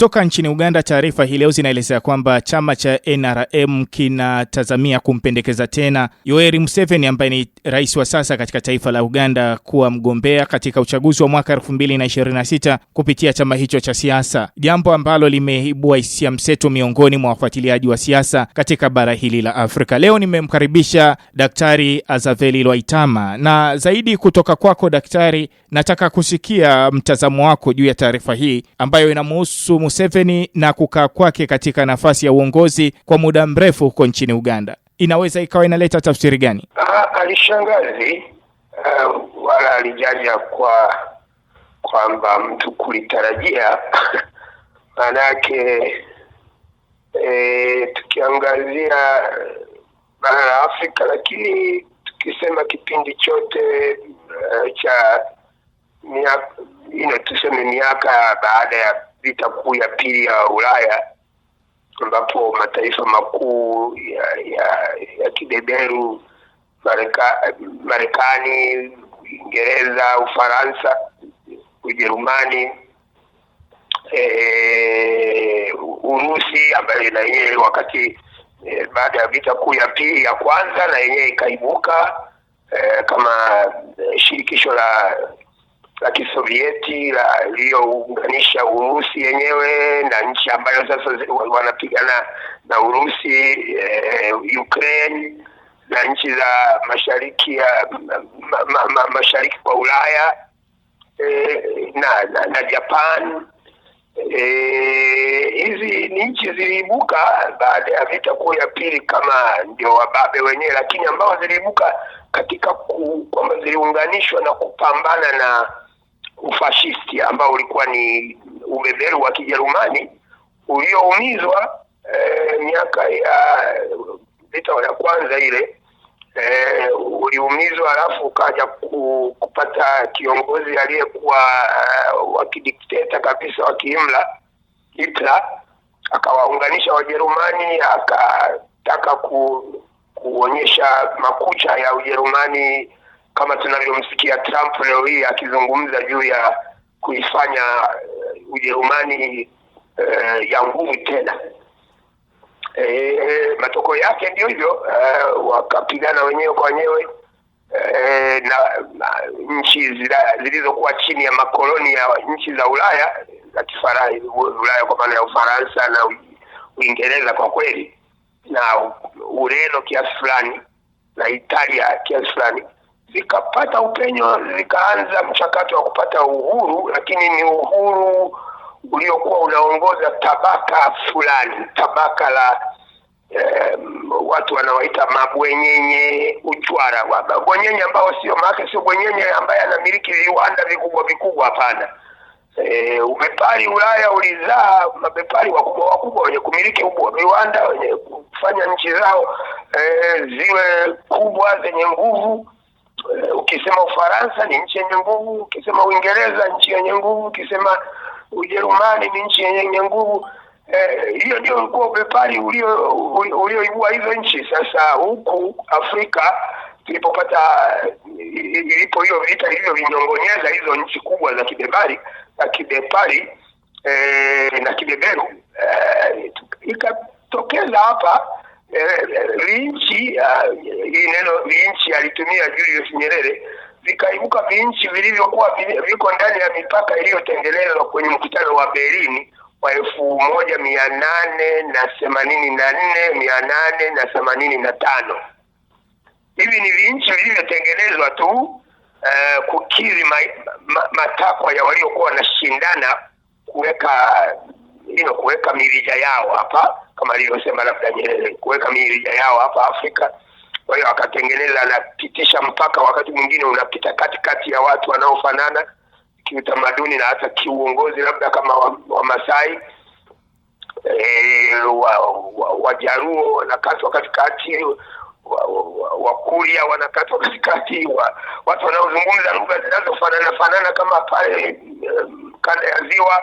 Kutoka nchini Uganda, taarifa hii leo zinaelezea kwamba chama cha NRM kinatazamia kumpendekeza tena Yoweri Museveni ambaye ni rais wa sasa katika taifa la Uganda kuwa mgombea katika uchaguzi wa mwaka 2026 kupitia chama hicho cha siasa, jambo ambalo limeibua hisia mseto miongoni mwa wafuatiliaji wa siasa katika bara hili la Afrika. Leo nimemkaribisha Daktari Azaveli Lwaitama, na zaidi kutoka kwako daktari, nataka kusikia mtazamo wako juu ya taarifa hii ambayo inamhusu Museveni na kukaa kwake katika nafasi ya uongozi kwa muda mrefu huko nchini Uganda inaweza ikawa inaleta tafsiri gani? Ah, alishangazi uh, ah, wala alijaja kwa kwamba mtu kulitarajia maanake e, tukiangazia bara la Afrika, lakini tukisema kipindi chote uh, cha miaka ino tuseme miaka baada ya vita kuu ya pili ya Ulaya ambapo mataifa makuu ya, ya, ya kibeberu Mareka, Marekani, Uingereza, Ufaransa, Ujerumani, e, Urusi ambayo na yeye wakati e, baada ya vita kuu ya pili ya kwanza na yenyewe ikaibuka e, kama e, shirikisho la la Kisovieti liliyounganisha Urusi yenyewe na nchi ambayo sasa wanapigana na Urusi eh, Ukraine na nchi za mashariki ya ma, ma, ma, mashariki kwa Ulaya eh, na, na, na Japan eh, hizi ni nchi ziliibuka baada ya vita kuu ya pili kama ndio wababe wenyewe, lakini ambao ziliibuka katika kwamba ziliunganishwa na kupambana na ufashisti ambao ulikuwa ni ubeberu wa Kijerumani ulioumizwa e, miaka ya vita ya kwanza ile e, uliumizwa, alafu ukaja ku, kupata kiongozi aliyekuwa uh, eh, wakidikteta kabisa wa kiimla Hitler, akawaunganisha Wajerumani, akataka ku, kuonyesha makucha ya Ujerumani kama tunavyomsikia Trump leo hii akizungumza juu ya kuifanya eh, Ujerumani uh, ya nguvu tena. E, matokeo yake ndio hivyo uh, wakapigana wenyewe kwa wenyewe e, na, na nchi zilizokuwa chini ya makoloni ya nchi za Ulaya za kifara Ulaya kwa maana ya Ufaransa na Uingereza kwa kweli na Ureno kiasi fulani na Italia kiasi fulani zikapata upenyo, zikaanza mchakato wa kupata uhuru, lakini ni uhuru uliokuwa unaongoza tabaka fulani, tabaka la eh, watu wanawaita mabwenyenye uchwara. Mabwenyenye ambao sio maake, sio bwenyenye ambaye anamiliki viwanda vikubwa vikubwa, hapana. E, ubepari Ulaya ulizaa mabepari wakubwa wakubwa wenye kumiliki viwanda wenye kufanya nchi zao e, ziwe kubwa zenye nguvu Eh, ukisema Ufaransa ni nchi yenye nguvu, ukisema Uingereza nchi yenye nguvu, ukisema Ujerumani ni nchi yenye nguvu. Eh, hiyo ndio ulikuwa ubepari ulioibua hizo nchi. Sasa huku Afrika tulipopata eh, ilipo hiyo vita vinyongonyeza hizo nchi kubwa za kibebari na kibepari eh, na kibeberu eh, ikatokeza hapa vinchi eh, eh, ah, hii neno vinchi alitumia Julius Nyerere vikaibuka vinchi vilivyokuwa viko ndani ya mipaka iliyotengenezwa kwenye mkutano wa Berlin wa elfu moja mia nane na themanini na nne mia nane na themanini na tano hivi ni vinchi vilivyotengenezwa tu uh, eh, kukiri ma, ma, matakwa ya waliokuwa wanashindana kuweka ino kuweka mirija yao hapa kama alivyosema labda Nyerere, eh, kuweka mirija yao hapa Afrika. Kwa hiyo akatengeneza, anapitisha mpaka wakati mwingine unapita katikati ya watu wanaofanana kiutamaduni na hata kiuongozi, labda kama Wamasai wa e, Wajaruo wa, wa eh, wanakatwa katikati, Wakuria wa wanakatwa katikati, wa, watu wanaozungumza lugha zinazofanana fanana kama pale um, kanda ya ziwa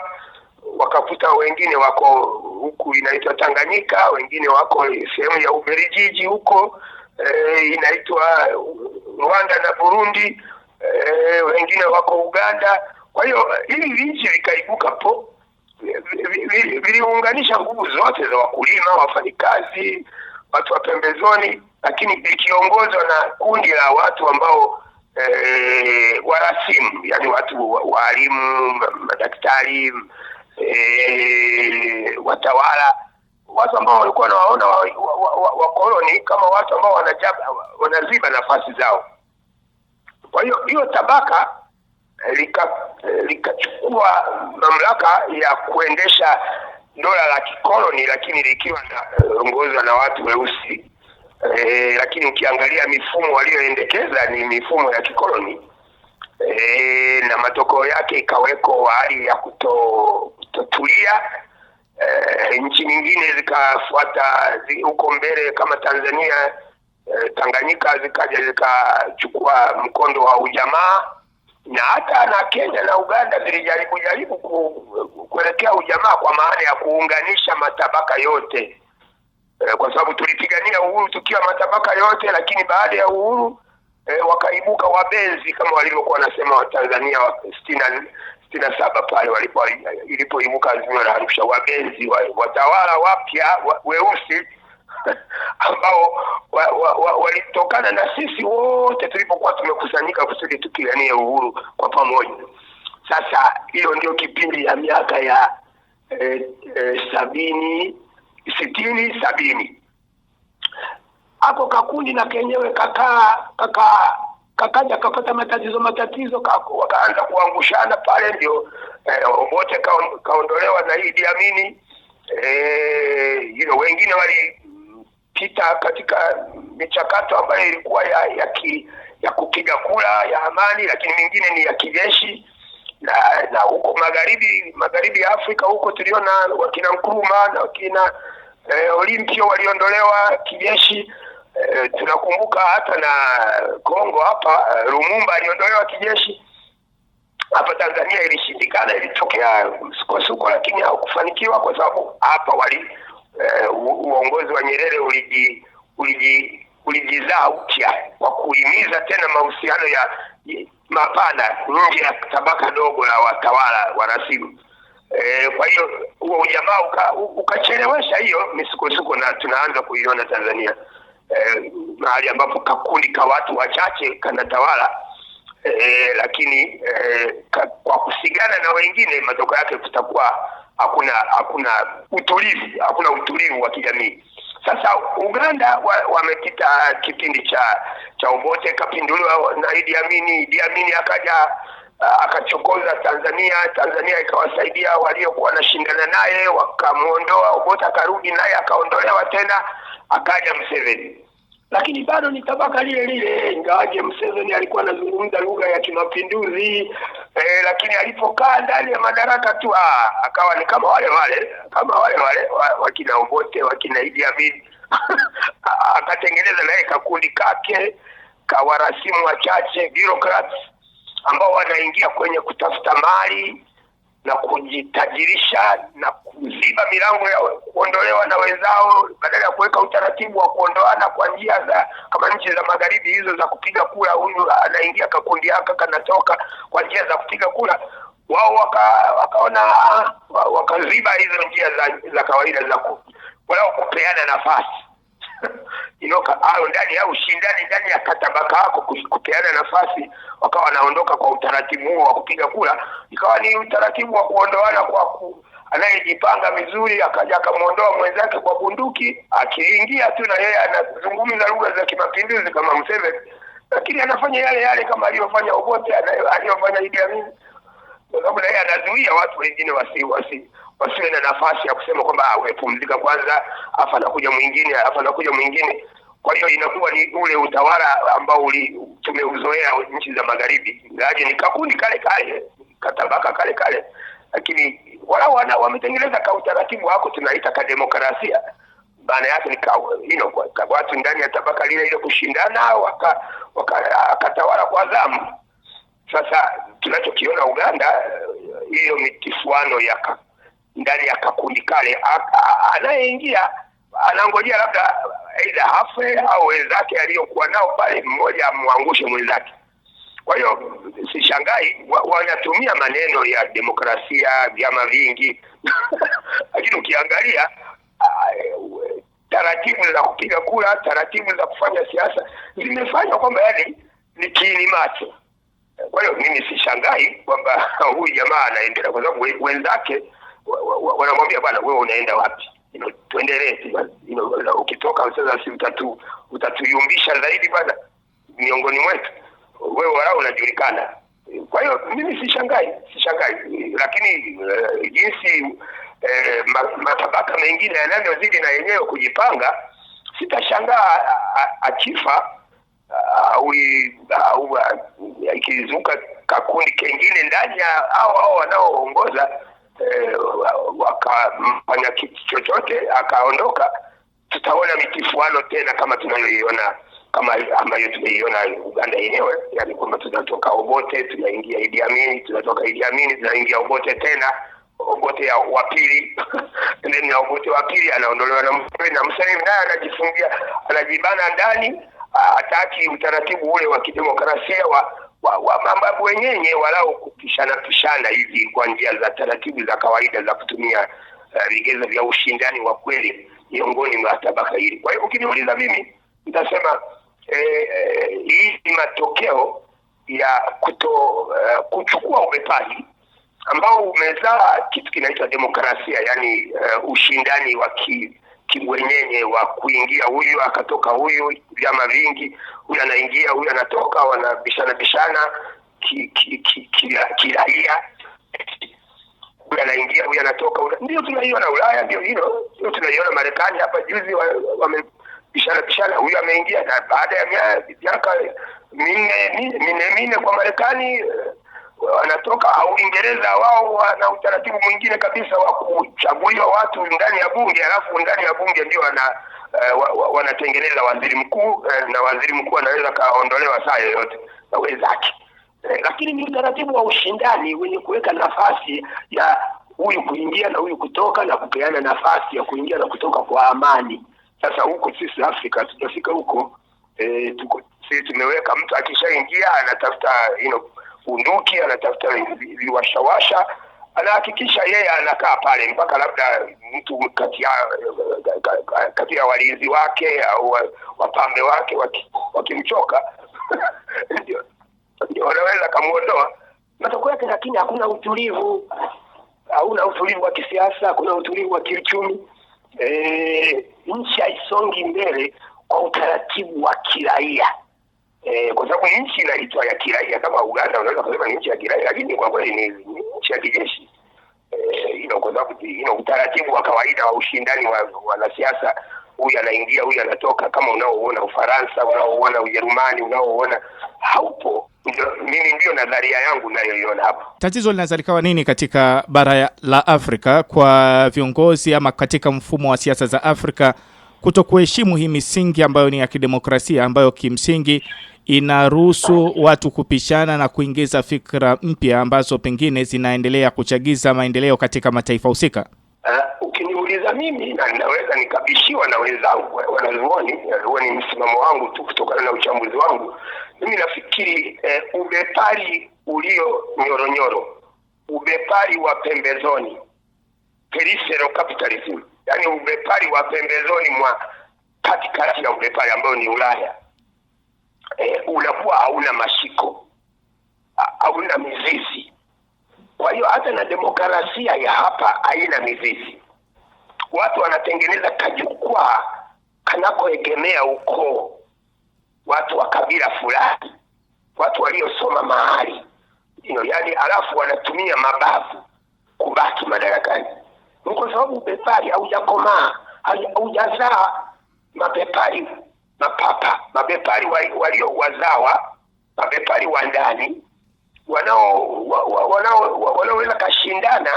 wakakuta wengine wako huku inaitwa Tanganyika, wengine wako sehemu ya Ubelgiji huko e, inaitwa Rwanda na Burundi e, wengine wako Uganda. Kwa hiyo hili vinchi vikaibuka po viliunganisha nguvu zote za wakulima, wafanyikazi, watu wa pembezoni, lakini vikiongozwa na kundi la watu ambao e, eh, warasimu, yani watu waalimu, madaktari eh, watawala watu ambao walikuwa wanawaona wakoloni wa, wa, wa, wa kama watu ambao wanaziba nafasi zao. Kwa hiyo hiyo tabaka eh, eh, likachukua lika mamlaka ya kuendesha dola la kikoloni, lakini likiwa linaongozwa eh, na watu weusi e, lakini ukiangalia mifumo walioendekeza ni mifumo ya kikoloni e, na matokeo yake ikaweko hali ya kuto kutulia e, eh, nchi nyingine zikafuata huko mbele kama Tanzania e, Tanganyika zikaja zikachukua mkondo wa ujamaa na hata na Kenya na Uganda zilijaribu jaribu ku, kuelekea ujamaa kwa maana ya kuunganisha matabaka yote e, kwa sababu tulipigania uhuru tukiwa matabaka yote, lakini baada ya uhuru e, wakaibuka wabenzi kama walivyokuwa wanasema Watanzania wa sitini sitini na saba pale walipo ilipoimuka Azimio la Arusha, wagezi watawala wapya wa, weusi ambao walitokana wa, wa, wa, na sisi wote tulipokuwa tumekusanyika kusudi tupiganie uhuru kwa pamoja. Sasa hiyo ndio kipindi ya miaka ya eh, eh, sabini sitini sabini hapo kakundi na kenyewe kakaa kakaa kakaja kakata matatizo matatizo wakaanza kuangushana pale, ndio eh, wote eh, kaondolewa na Idi Amini eh, you know, wengine walipita katika michakato ambayo ilikuwa ya ya, ki, ya kupiga kura ya amani, lakini mingine ni ya kijeshi na na huko magharibi magharibi ya Afrika huko tuliona wakina Nkrumah na wakina eh, olimpio waliondolewa kijeshi e, tunakumbuka hata na Kongo hapa eh, Lumumba aliondolewa kijeshi hapa Tanzania ilishindikana, ilitokea msukosuko, lakini haukufanikiwa kwa sababu hapa wali e, uongozi wa Nyerere uliji uliji ulijizaa upya kwa kuhimiza tena mahusiano ya mapana nje ya tabaka dogo la watawala rasimu E, kwa hiyo huo ujamaa ukachelewesha uka hiyo misukosuko na tunaanza kuiona Tanzania eh, mahali ambapo kakundi ka watu wachache kanatawala eh, lakini eh, ka, kwa kusigana na wengine, matokeo yake kutakuwa hakuna hakuna utulivu, hakuna utulivu wa kijamii. Sasa Uganda wamepita wa kipindi cha cha Obote kapinduliwa na Idi Amini. Idi Amini akaja eh, akachokoza Tanzania, Tanzania ikawasaidia waliokuwa wanashindana naye, wakamwondoa Obote, akarudi naye akaondolewa tena akaja mseveni lakini bado ni tabaka lile lile, ingawaje mseveni alikuwa anazungumza lugha ya kimapinduzi eh, lakini alipokaa ndani ya madaraka tu ah, akawa ni kama wale wale kama wale wale wakina Obote wakina Idi Amin akatengeneza naye kakundi kake kawarasimu wachache bureaucrats ambao wanaingia kwenye kutafuta mali na kujitajirisha na kuziba milango ya kuondolewa na wenzao, badala ya kuweka utaratibu wa kuondoana kwa njia za kama nchi za magharibi hizo za kupiga kura, huyu anaingia kakundi aka kanatoka kwa njia za kupiga kura wao waka, wakaona wakaziba hizo njia za, za kawaida za ku, kupeana nafasi. inoka au ndani ya ushindani ndani ya katabaka yako kupeana nafasi, wakawa wanaondoka kwa utaratibu huo wa kupiga kura, ikawa ni utaratibu wa kuondoana kwa ku anayejipanga vizuri akaja akamwondoa mwenzake kwa bunduki, akiingia tu na yeye anazungumza lugha za kimapinduzi kama mseme lakini anafanya yale yale kama aliyofanya Obote, aliyofanya Idi amini kwa sababu naye anazuia watu wengine wasi, wasi wasiwe na nafasi ya kusema kwamba amepumzika ah, kwanza, afa anakuja mwingine, afa anakuja mwingine. Kwa hiyo inakuwa ni ule utawala ambao tumeuzoea nchi za magharibi, ngaje ni kakundi kale kale katabaka kale kale, lakini wala wana wametengeneza ka utaratibu wako tunaita ka demokrasia. Maana yake ni watu ndani ya tabaka lile ile kushindana, wakatawala waka, waka, kwa zamu sasa tunachokiona Uganda, hiyo mitifuano ya ndani ya kakundi kale, anayeingia anangojea labda aidha hafe au wenzake aliyokuwa nao pale, mmoja amwangushe mwenzake. Kwa hiyo sishangai wanatumia wa maneno ya demokrasia, vyama vingi lakini ukiangalia taratibu za kupiga kura, taratibu za kufanya siasa zimefanywa kwamba yani ni kiini macho kwa hiyo mimi sishangai kwamba huyu jamaa anaendelea, kwa sababu wenzake wanamwambia bwana, wewe unaenda wapi? tuendelee ukitoka sasa, si utatu utatuyumbisha zaidi bwana miongoni mwetu, wewe walau unajulikana. Kwa hiyo mimi sishangai, sishangai, lakini uh, jinsi matabaka mengine yanavyozidi na yenyewe kujipanga, sitashangaa akifa au ikizuka kakundi kengine ndani ya au au wanaoongoza e, wakafanya kitu chochote akaondoka, tutaona mitifuano tena kama tunayoiona kama ambayo tumeiona Uganda yenyewe, yani kwamba tunatoka Obote tunaingia Idi Amin, tunatoka Idi Amin tunaingia Obote tena Obote ya wa pili then Obote wa pili anaondolewa na Museveni na Museveni naye anajifungia anajibana ndani hataki utaratibu ule wa kidemokrasia wa wa, wa mambabu wenyewe walau kupishana pishana hivi kwa njia za taratibu za kawaida za kutumia eh, vigezo uh, vya ushindani wa kweli miongoni mwa tabaka hili. Kwa hiyo ukiniuliza mimi nitasema eh, eh, hii ni matokeo ya kuto uh, kuchukua ubepari ambao umezaa kitu kinaitwa demokrasia, yani uh, ushindani wa ki kingwenyenye wa kuingia huyu akatoka huyu, vyama vingi, huyu anaingia huyu anatoka, wanabishana bishana kiraia huyu anaingia huyu anatoka. Ndio tunaiona Ulaya, ndio hilo ndio tunaiona Marekani. Hapa juzi wamebishana bishana, huyu ameingia, na baada ya miaka minne minne minne kwa Marekani wanatoka Uingereza, wao wana utaratibu mwingine kabisa wa kuchaguliwa watu ndani ya bunge, alafu ndani ya bunge ndio wana uh, wanatengeneza waziri mkuu uh, na waziri mkuu anaweza kaondolewa saa yoyote na wenzake uh, lakini ni utaratibu wa ushindani wenye kuweka nafasi ya huyu kuingia na huyu kutoka na kupeana nafasi ya kuingia na kutoka kwa amani. Sasa huko sisi Afrika tutafika huko eh, tuko, sisi tumeweka mtu akishaingia anatafuta you know, bunduki, anatafuta viwashawasha, anahakikisha yeye anakaa pale mpaka labda mtu kati ya kati ya walinzi wake au wapambe wake wakimchoka ndio wanaweza kamuondoa. Matokeo yake lakini hakuna utulivu, hauna utulivu wa kisiasa, hakuna utulivu wa kiuchumi. E, nchi haisongi mbele kwa utaratibu wa kiraia eh, kwa sababu nchi inaitwa ya kiraia. Kama Uganda unaweza kusema ni nchi ya kiraia, lakini kwa kweli ni nchi ya kijeshi eh, kwa sababu utaratibu wa kawaida wa ushindani wa wanasiasa, huyu anaingia huyu anatoka, kama unaoona Ufaransa, unaoona Ujerumani, unaoona haupo. Mimi ndio nadharia yangu nayoiona hapo. Tatizo linaweza likawa nini katika bara la Afrika kwa viongozi ama katika mfumo wa siasa za Afrika kuto kuheshimu hii misingi ambayo ni ya kidemokrasia ambayo kimsingi inaruhusu watu kupishana na kuingiza fikra mpya ambazo pengine zinaendelea kuchagiza maendeleo katika mataifa husika. Uh, ukiniuliza mimi na ninaweza nikabishiwa na wenzangu eh, wanazuoni, huo ni msimamo wangu tu kutokana na uchambuzi wangu. Mimi nafikiri eh, ubepari ulio nyoronyoro, ubepari wa pembezoni, peripheral capitalism, yani ubepari wa pembezoni mwa katikati ya ubepari ambayo ni Ulaya eh, unakuwa hauna mashiko, hauna mizizi. Kwa hiyo hata na demokrasia ya hapa haina mizizi. Watu wanatengeneza kajukwaa kanakoegemea ukoo, watu wa kabila fulani, watu waliosoma mahali ino, yani alafu wanatumia mabavu kubaki madarakani. Ni kwa sababu ubepari haujakomaa, haujazaa mapepari mapapa mabepari walio wazawa mabepari wa ndani wanao wanaoweza kashindana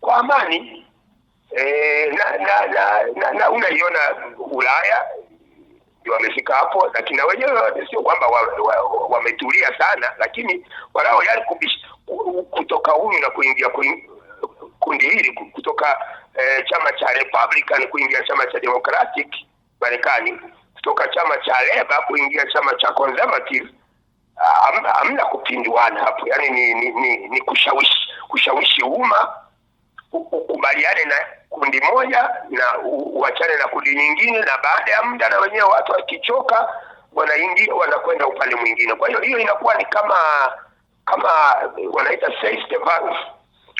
kwa amani e, na, na, na, na, na unaiona Ulaya ndio wamefika hapo, lakini na wenyewe sio kwamba wametulia wa, wa, wa sana, lakini wanao yani kutoka huyu na kuingia kundi hili kutoka eh, chama cha Republican kuingia chama cha Democratic Marekani kutoka chama cha Leba kuingia chama cha Conservative ah, hamna am, hapo, yani ni, ni, ni, ni kushawishi kushawishi umma ukubaliane na kundi moja na uachane na kundi nyingine, na baada ya muda na wenyewe watu wakichoka wanaingia wanakwenda upande mwingine. Kwa hiyo hiyo inakuwa ni kama kama wanaita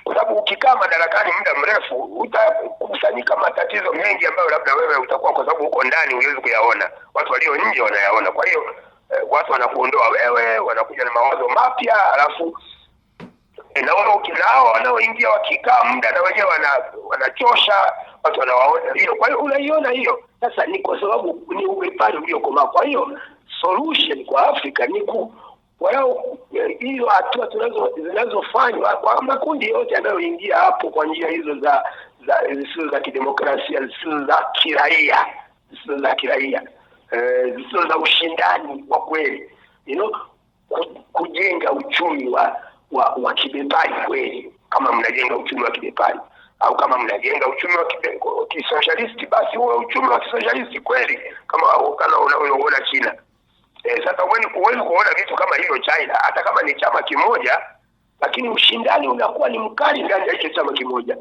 kwa sababu ukikaa madarakani muda mrefu utakusanyika matatizo mengi ambayo labda wewe utakuwa, kwa sababu uko ndani huwezi kuyaona, watu walio nje wanayaona. Kwa hiyo eh, watu wanakuondoa wewe, wanakuja na mawazo mapya, alafu eh, na wanaoingia wakikaa muda na wenyewe wana, wanachosha watu wanawaona hiyo. Kwa hiyo unaiona hiyo sasa, ni kwa sababu ni uepari uliokomaa. Kwa hiyo solution kwa Afrika ni ku kwa hiyo eh, hiyo hatua zinazofanywa kwa makundi yote yanayoingia hapo kwa njia hizo za za zisizo za kidemokrasia, zisizo za kiraia, zisizo za kiraia, eh, zisizo za ushindani wa kweli, you know, kujenga uchumi wa wa, wa kibepari kweli. Kama mnajenga uchumi wa kibepari au kama mnajenga uchumi wa kisosialisti, basi huo uchumi wa kisosialisti kweli, kama unaoona China E, sasa huwezi kuona vitu kama hivyo China, hata kama ni chama kimoja, lakini ushindani unakuwa ni mkali ndani ya hicho chama kimoja.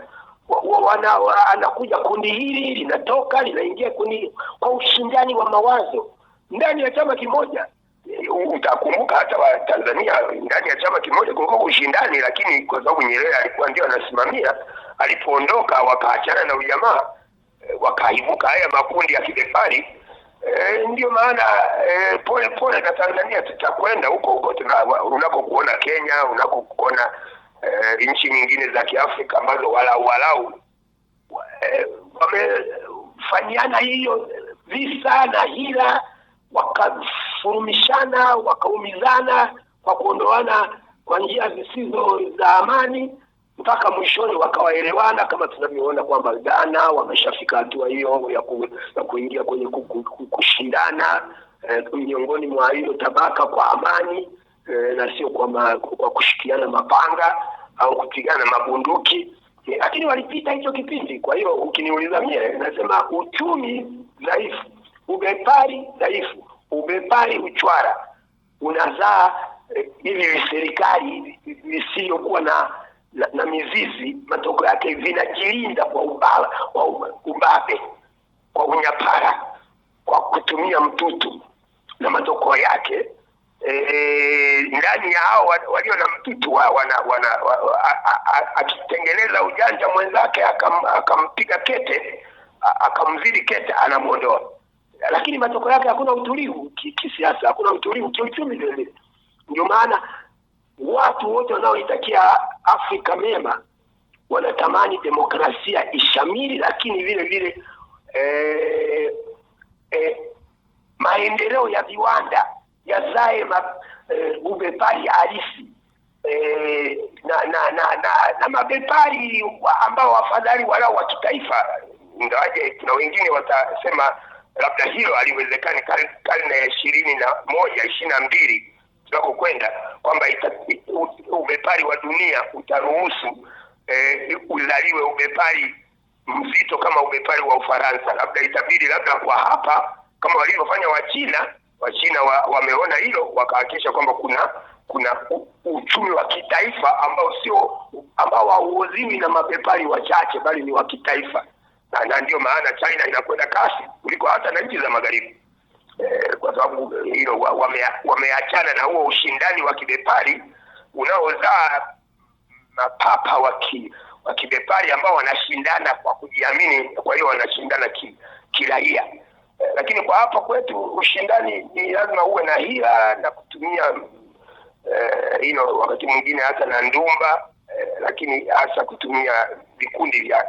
Wana, wana, anakuja kundi hili linatoka linaingia kundi kwa ushindani wa mawazo ndani ya chama kimoja. Eh, utakumbuka hata wa Tanzania ndani ya chama kimoja kulikuwa ushindani, lakini kwa sababu Nyerere alikuwa ndio anasimamia, alipoondoka wakaachana na ujamaa, eh, wakaibuka haya makundi ya kibepari E, ndio maana e, pole pole na Tanzania tutakwenda huko huko unakokuona Kenya, unakokuona e, eh, nchi nyingine za Kiafrika ambazo walau walau e, wamefanyiana hiyo visa na hila, wakafurumishana, wakaumizana kwa kuondoana kwa njia zisizo za amani mpaka mwishoni wakawaelewana kama tunavyoona kwamba Ghana wameshafika hatua hiyo ya, ku, ya kuingia kwenye kushindana eh, miongoni mwa hilo tabaka kwa amani eh, na sio kwa, ma, kwa kushikiana mapanga au kupigana mabunduki eh, lakini walipita hicho kipindi. Kwa hiyo ukiniuliza mie, nasema uchumi dhaifu, ubepari dhaifu, ubepari uchwara unazaa hivi eh, serikali isiyokuwa na na, na mizizi, matoko yake vinajilinda kwa ubala, kwa ubabe, kwa unyapara, kwa kutumia mtutu na matoko yake e, ndani ya hao walio na mtutu wa, wana, wana, akitengeneza ujanja mwenzake akampiga akam kete akamzidi kete anamwondoa, lakini matoko yake hakuna utulivu kisiasa, hakuna utulivu kiuchumi, vile vile ndio maana watu wote wanaoitakia Afrika mema wanatamani demokrasia ishamiri, lakini vile vile eh, eh, maendeleo ya viwanda yazae ma, eh, ubepari halisi eh, na, na, na, na, na mabepari ambao wafadhali walao wa kitaifa, ingawaje kuna wengine watasema labda hilo haliwezekani karne ya ishirini na moja ishirini na mbili tunakokwenda kwamba ubepari wa dunia utaruhusu eh, uzaliwe ubepari mzito kama ubepari wa Ufaransa. Labda itabidi labda kwa hapa kama walivyofanya Wachina. Wachina wameona wa hilo wakahakikisha kwamba kuna kuna uchumi wa kitaifa ambao sio ambao hauoziwi na mabepari wachache, bali ni wa kitaifa, na, na maana China inakwenda kasi kuliko hata na nchi za magharibi. Eh, kwa sababu hilo eh, wameachana wame na huo ushindani wa kibepari unaozaa mapapa wa ki, wa kibepari ambao wanashindana kwa kujiamini, kwa hiyo wanashindana ki, kiraia eh, lakini kwa hapa kwetu ushindani ni lazima uwe na hila na kutumia hilo eh, ino wakati mwingine hata na ndumba eh, lakini hasa kutumia vikundi vya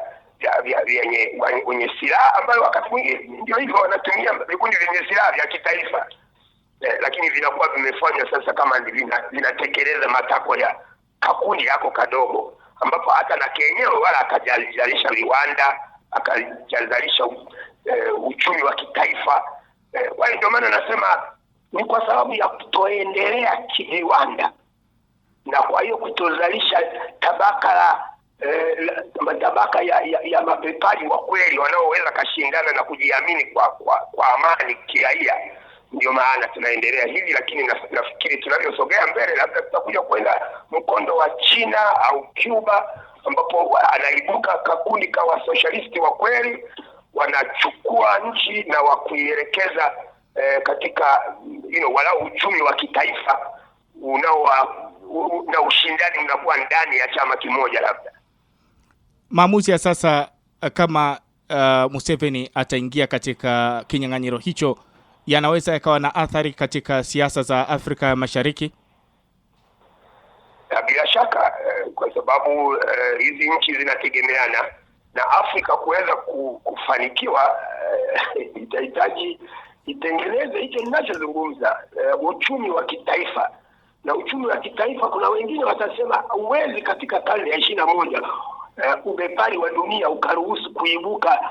wenye silaha ambayo wakati mwingine ndio hivyo wanatumia vikundi vyenye silaha vya kitaifa eh, lakini vinakuwa vimefanywa sasa kama vinatekeleza matako matakwa ya kakundi yako kadogo, ambapo hata na kenyeo wala akajalizalisha viwanda akajazalisha eh, uchumi wa kitaifa eh, wale. Ndio maana nasema ni kwa sababu ya kutoendelea kiviwanda na kwa hiyo kutozalisha tabaka la eh, matabaka ya, ya, ya mabepari wa kweli wanaoweza kashindana na kujiamini kwa, kwa, kwa amani kiraia. Ndio maana tunaendelea hivi, lakini nafikiri tunavyosogea mbele, labda tutakuja kwenda mkondo wa China au Cuba ambapo anaibuka kakundi ka wasosialisti wa kweli wanachukua nchi na wakuielekeza eh, katika you know, walau uchumi wa kitaifa unao na ushindani unakuwa ndani ya chama kimoja labda maamuzi ya sasa eh, kama uh, Museveni ataingia katika kinyang'anyiro hicho yanaweza yakawa na athari katika siasa za Afrika ya Mashariki? Bila shaka eh, kwa sababu uh, hizi nchi zinategemeana na Afrika kuweza kufanikiwa uh, itahitaji itengeneze hicho ninachozungumza, uh, uchumi wa kitaifa na uchumi wa kitaifa, kuna wengine watasema uwezi katika karne ya ishirini na moja uh, ubepari wa dunia ukaruhusu kuibuka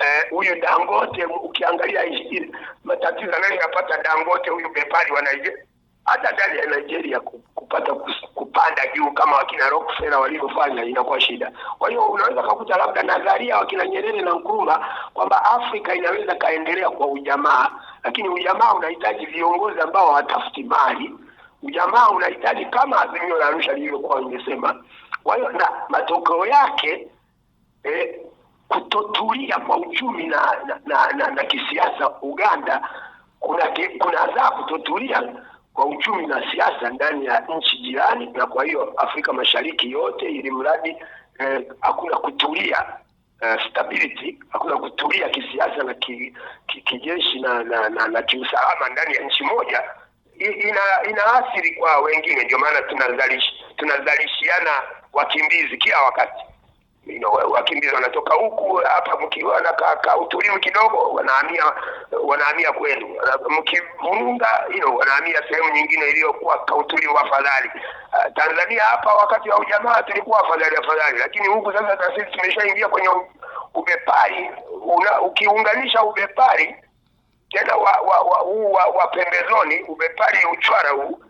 eh, huyu uh, Dangote. Ukiangalia matatizo anayoyapata Dangote huyu bepari wa Nigeria, hata ndani ya Nigeria kupata kupanda juu kama wakina Rockefeller walivyofanya inakuwa shida. Kwa hiyo unaweza kukuta labda nadharia wakina Nyerere na Nkrumah kwamba Afrika inaweza kaendelea kwa ujamaa, lakini ujamaa unahitaji viongozi ambao hawatafuti mali. Ujamaa unahitaji kama azimio la Arusha lilivyokuwa imesema kwa hiyo na matokeo yake eh, kutotulia kwa uchumi na na, na, na, na kisiasa Uganda kuna kunazaa kutotulia kwa uchumi na siasa ndani ya nchi jirani, na kwa hiyo Afrika Mashariki yote, ili mradi eh, hakuna kutulia eh, stability, hakuna kutulia kisiasa na ki, ki, kijeshi na, na, na, na kiusalama ndani ya nchi moja I, ina inaathiri kwa wengine, ndio maana tunazalishiana wakimbizi kila wakati you know, wakimbizi wanatoka huku hapa, mkiwa na kaka utulivu kidogo, wanahamia wanahamia kwenu, mkivunga you know, wanahamia sehemu nyingine iliyokuwa kautulivu afadhali. Uh, Tanzania hapa wakati wa ujamaa tulikuwa afadhali afadhali, lakini huku sasa na sisi tumeshaingia kwenye ubepari una, ukiunganisha ubepari tena wa wa, wa, wa, wa pembezoni ubepari uchwara huu,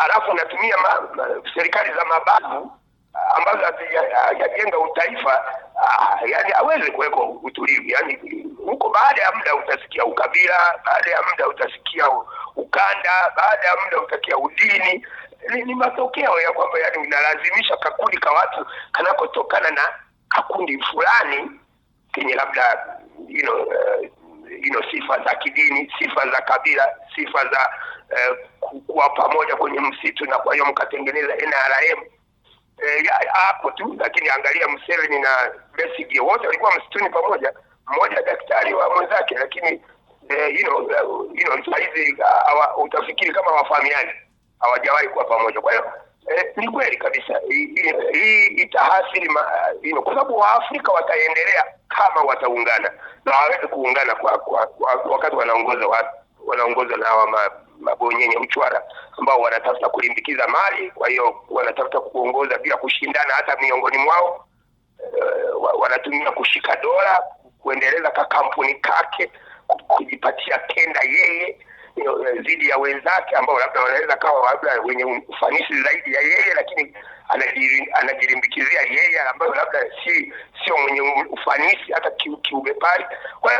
alafu natumia ma, ma, serikali za mabavu ambazo hazijajenga utaifa ah, yani hawezi kuwekwa utulivu. Yani huko baada ya muda utasikia ukabila, baada ya muda utasikia ukanda, baada ya muda utasikia udini. Ni, ni matokeo ya kwamba yani unalazimisha kakundi ka watu kanakotokana na kakundi fulani kenye labda you know, uh, you know, sifa za kidini, sifa za kabila, sifa za uh, kuwa pamoja kwenye msitu, na kwa hiyo mkatengeneza NRM e, tu, lakini angalia Museveni na Besigye wote walikuwa msituni pamoja, mmoja daktari wa mwenzake, lakini e, you know, eh, you know, saizi ah, utafikiri kama wafahamiani, hawajawahi kuwa pamoja. Kwa hiyo e, ni kweli kabisa hii itaathiri you know, kwa sababu Waafrika wataendelea kama wataungana na waweze kuungana kwa, kwa, kwa wakati wanaongoza wa, wanaongoza na hawa mabonyenye mchwara ambao wanatafuta kulimbikiza mali, kwa hiyo wanatafuta kuongoza bila kushindana hata miongoni mwao. Uh, wanatumia kushika dola kuendeleza kakampuni kake kujipatia tenda yeye eh, dhidi ya wenzake ambao labda wanaweza kawa labda wenye ufanisi zaidi ya yeye, lakini anajirimbikizia yeye ambayo labda si sio mwenye ufanisi hata kiubepari ki kwa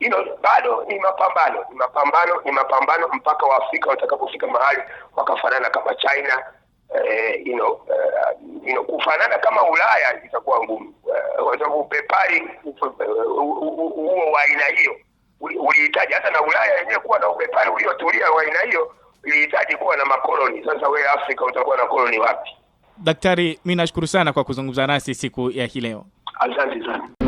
hilo bado ni mapambano, ni mapambano, ni mapambano mpaka Waafrika watakapofika mahali wakafanana kama China eh, you know, eh, you know, kufanana kama Ulaya itakuwa ngumu eh, kwa sababu upepari eh, huo wa aina hiyo ulihitaji hata na Ulaya yenyewe kuwa na upepari uliotulia wa aina hiyo ilihitaji kuwa na makoloni. Sasa wewe Afrika utakuwa na koloni wapi? Daktari, mi nashukuru sana kwa kuzungumza nasi siku ya hii leo, asante sana.